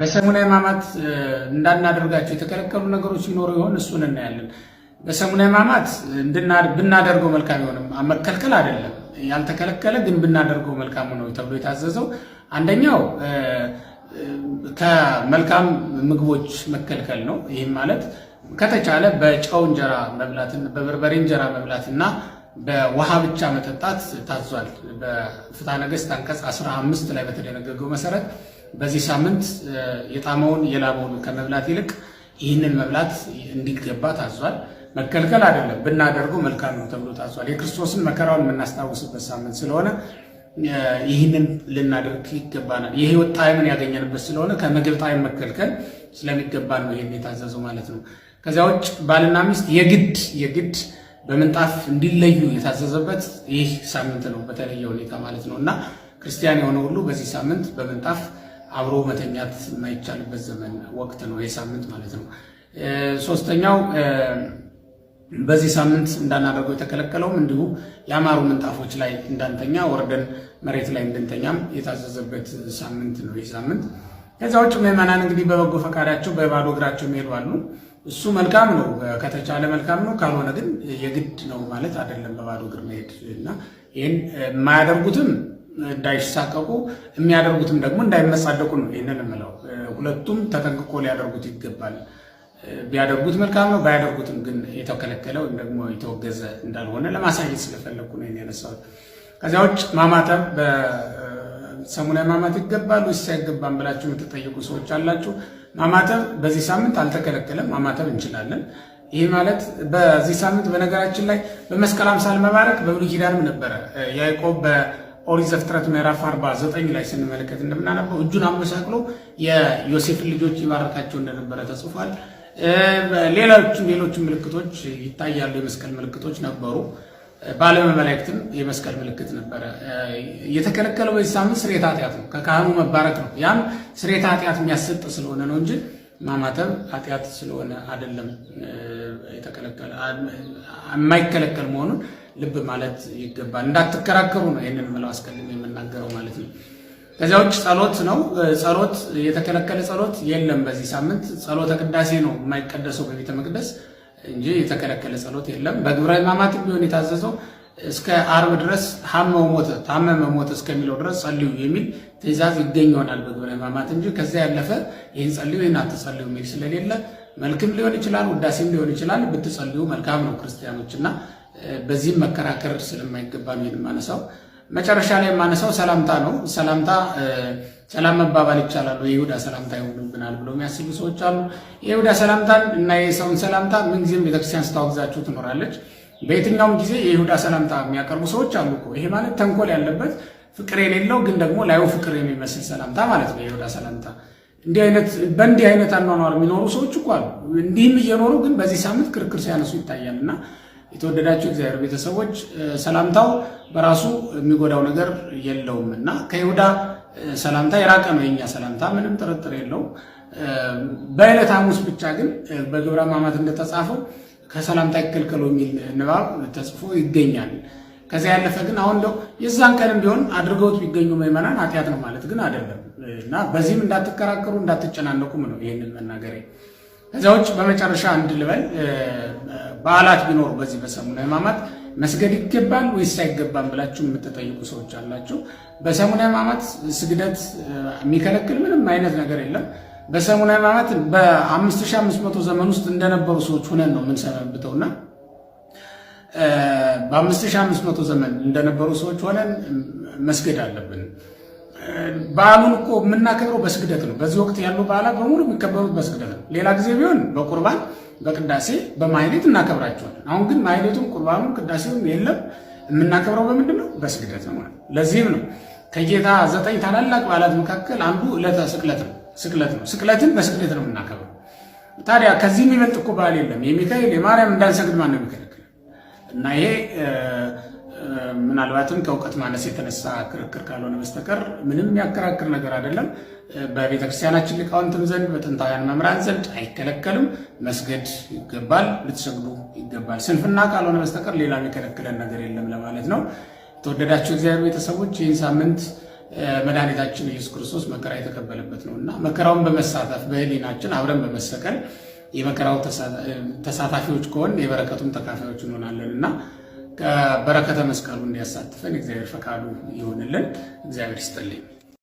በሰሙነ ሕማማት እንዳናደርጋቸው የተከለከሉ ነገሮች ሲኖሩ ይሆን? እሱን እናያለን። በሰሙነ ሕማማት ብናደርገው መልካም ይሆንም። መከልከል አይደለም ያልተከለከለ፣ ግን ብናደርገው መልካም ነው ተብሎ የታዘዘው አንደኛው ከመልካም ምግቦች መከልከል ነው። ይህም ማለት ከተቻለ በጨው እንጀራ መብላት፣ በበርበሬ እንጀራ መብላት እና በውሃ ብቻ መጠጣት ታዟል። በፍትሐ ነገሥት አንቀጽ 15 ላይ በተደነገገው መሰረት በዚህ ሳምንት የጣመውን የላመውን ከመብላት ይልቅ ይህንን መብላት እንዲገባ ታዟል። መከልከል አይደለም ብናደርገው መልካም ነው ተብሎ ታዟል። የክርስቶስን መከራውን የምናስታውስበት ሳምንት ስለሆነ ይህንን ልናደርግ ይገባናል። የህይወት ጣዕምን ያገኘንበት ስለሆነ ከምግብ ጣዕም መከልከል ስለሚገባ ነው ይህን የታዘዘው ማለት ነው። ከዚያ ውጭ ባልና ሚስት የግድ የግድ በምንጣፍ እንዲለዩ የታዘዘበት ይህ ሳምንት ነው በተለየ ሁኔታ ማለት ነው እና ክርስቲያን የሆነ ሁሉ በዚህ ሳምንት በምንጣፍ አብሮ መተኛት የማይቻልበት ዘመን ወቅት ነው፣ ይህ ሳምንት ማለት ነው። ሶስተኛው በዚህ ሳምንት እንዳናደርገው የተከለከለውም እንዲሁ ያማሩ ምንጣፎች ላይ እንዳንተኛ ወርደን መሬት ላይ እንድንተኛም የታዘዘበት ሳምንት ነው ይህ ሳምንት። ከዛ ውጭ ምዕመናን እንግዲህ በበጎ ፈቃዳቸው በባዶ እግራቸው የሚሄዱ አሉ። እሱ መልካም ነው፣ ከተቻለ መልካም ነው። ካልሆነ ግን የግድ ነው ማለት አይደለም በባዶ እግር መሄድ እና ይህን የማያደርጉትም እንዳይሳቀቁ የሚያደርጉትም ደግሞ እንዳይመጻደቁ ነው። ይህንን የምለው ሁለቱም ተጠንቅቆ ሊያደርጉት ይገባል። ቢያደርጉት መልካም ነው። ባያደርጉትም ግን የተከለከለ ወይም ደግሞ የተወገዘ እንዳልሆነ ለማሳየት ስለፈለግኩ ነው ያነሳሁት። ከዚያ ውጭ ማማተብ በሰሙን ላይ ማማት ይገባል ወይስ አይገባም ብላችሁ የምትጠይቁ ሰዎች አላችሁ። ማማተብ በዚህ ሳምንት አልተከለከለም። ማማተብ እንችላለን። ይህ ማለት በዚህ ሳምንት በነገራችን ላይ በመስቀል አምሳል መባረክ በብሉይ ኪዳንም ነበረ ያዕቆብ ኦሪት ዘፍጥረት ምዕራፍ 49 ላይ ስንመለከት እንደምናነበው እጁን አመሳቅሎ የዮሴፍን ልጆች ይባረካቸው እንደነበረ ተጽፏል። ሌሎች ሌሎችም ምልክቶች ይታያሉ። የመስቀል ምልክቶች ነበሩ። በዓለመ መላእክትም የመስቀል ምልክት ነበረ። የተከለከለው በዚህ ሳምንት ስርየተ ኃጢአት ነው፣ ከካህኑ መባረክ ነው። ያም ስርየተ ኃጢአት የሚያሰጥ ስለሆነ ነው እንጂ ማማተብ ኃጢአት ስለሆነ አይደለም የማይከለከል መሆኑን ልብ ማለት ይገባል። እንዳትከራከሩ ነው ይህንን ምለው አስቀድሜ የምናገረው ማለት ነው። ከዚያ ውጭ ጸሎት ነው። ጸሎት የተከለከለ ጸሎት የለም። በዚህ ሳምንት ጸሎተ ቅዳሴ ነው የማይቀደሰው በቤተ መቅደስ እንጂ የተከለከለ ጸሎት የለም። በግብረ ሕማማት ቢሆን የታዘዘው እስከ አርብ ድረስ ሐመው ሞተ ታመመ ሞተ እስከሚለው ድረስ ጸልዩ የሚል ትእዛዝ ይገኝ ይሆናል በግብረ ሕማማት እንጂ ከዚያ ያለፈ ይህን ጸልዩ ይህን አትጸልዩ የሚል ስለሌለ መልክም ሊሆን ይችላል፣ ውዳሴም ሊሆን ይችላል። ብትጸልዩ መልካም ነው ክርስቲያኖች እና በዚህም መከራከር ስለማይገባ ነው የማነሳው። መጨረሻ ላይ የማነሳው ሰላምታ ነው። ሰላምታ ሰላም መባባል ይቻላል። የይሁዳ ሰላምታ ይሆንብናል ብለው የሚያስቡ ሰዎች አሉ። የይሁዳ ሰላምታን እና የሰውን ሰላምታ ምንጊዜም ቤተክርስቲያን ስታወግዛችሁ ትኖራለች። በየትኛውም ጊዜ የይሁዳ ሰላምታ የሚያቀርቡ ሰዎች አሉ እኮ። ይሄ ማለት ተንኮል ያለበት ፍቅር የሌለው ግን ደግሞ ላዩ ፍቅር የሚመስል ሰላምታ ማለት ነው የይሁዳ ሰላምታ። እንዲህ አይነት በእንዲህ አይነት አኗኗር የሚኖሩ ሰዎች እኮ አሉ። እንዲህም እየኖሩ ግን በዚህ ሳምንት ክርክር ሲያነሱ ይታያል እና የተወደዳችሁ እግዚአብሔር ቤተሰቦች ሰላምታው በራሱ የሚጎዳው ነገር የለውም እና ከይሁዳ ሰላምታ የራቀ ነው የኛ ሰላምታ፣ ምንም ጥርጥር የለውም። በዕለት ሐሙስ ብቻ ግን በግብረ ሕማማት እንደተጻፈው ከሰላምታ ይከልከሉ የሚል ንባብ ተጽፎ ይገኛል። ከዚያ ያለፈ ግን አሁን እንደው የዛን ቀንም ቢሆን አድርገውት ቢገኙ ምዕመናን ኃጢአት ነው ማለት ግን አይደለም እና በዚህም እንዳትከራከሩ እንዳትጨናነቁም ነው ይህንን መናገሬ። ከዛ በመጨረሻ አንድ ልበል፣ በዓላት ቢኖሩ በዚህ በሰሙነ ሕማማት መስገድ ይገባል ወይስ አይገባም ብላችሁ የምትጠይቁ ሰዎች አላችሁ። በሰሙነ ሕማማት ስግደት የሚከለክል ምንም አይነት ነገር የለም። በሰሙነ ሕማማት በ5500 ዘመን ውስጥ እንደነበሩ ሰዎች ሁነን ነው የምንሰነብተውና በ5500 ዘመን እንደነበሩ ሰዎች ሆነን መስገድ አለብን። በዓሉን እኮ የምናከብረው በስግደት ነው። በዚህ ወቅት ያሉ በዓላት በሙሉ የሚከበሩት በስግደት ነው። ሌላ ጊዜ ቢሆን በቁርባን በቅዳሴ በማይሌት እናከብራቸዋለን። አሁን ግን ማይሌቱም ቁርባኑም ቅዳሴውም የለም። የምናከብረው በምንድን ነው? በስግደት ነው ማለት። ለዚህም ነው ከጌታ ዘጠኝ ታላላቅ በዓላት መካከል አንዱ ዕለተ ስቅለት ነው። ስቅለት ነው። ስቅለትን በስግደት ነው የምናከብረው። ታዲያ ከዚህ የሚበልጥ እኮ በዓል የለም። የሚካኤል የማርያም እንዳንሰግድ ማን ነው የሚከለክል? እና ይሄ ምናልባትም ከእውቀት ማነስ የተነሳ ክርክር ካልሆነ በስተቀር ምንም የሚያከራክር ነገር አይደለም። በቤተክርስቲያናችን ሊቃውንትም ዘንድ በጥንታውያን መምራን ዘንድ አይከለከልም። መስገድ ይገባል፣ ልትሰግዱ ይገባል። ስንፍና ካልሆነ በስተቀር ሌላ የሚከለክለን ነገር የለም ለማለት ነው። የተወደዳቸው እግዚአብሔር ቤተሰቦች ይህን ሳምንት መድኃኒታችን ኢየሱስ ክርስቶስ መከራ የተቀበለበት ነው እና መከራውን በመሳተፍ በህሊናችን አብረን በመሰቀል የመከራው ተሳታፊዎች ከሆን የበረከቱም ተካፋዮች እንሆናለን እና በረከተ መስቀሉ እንዲያሳትፈን እግዚአብሔር ፈቃዱ ይሆንልን። እግዚአብሔር ይስጥልኝ።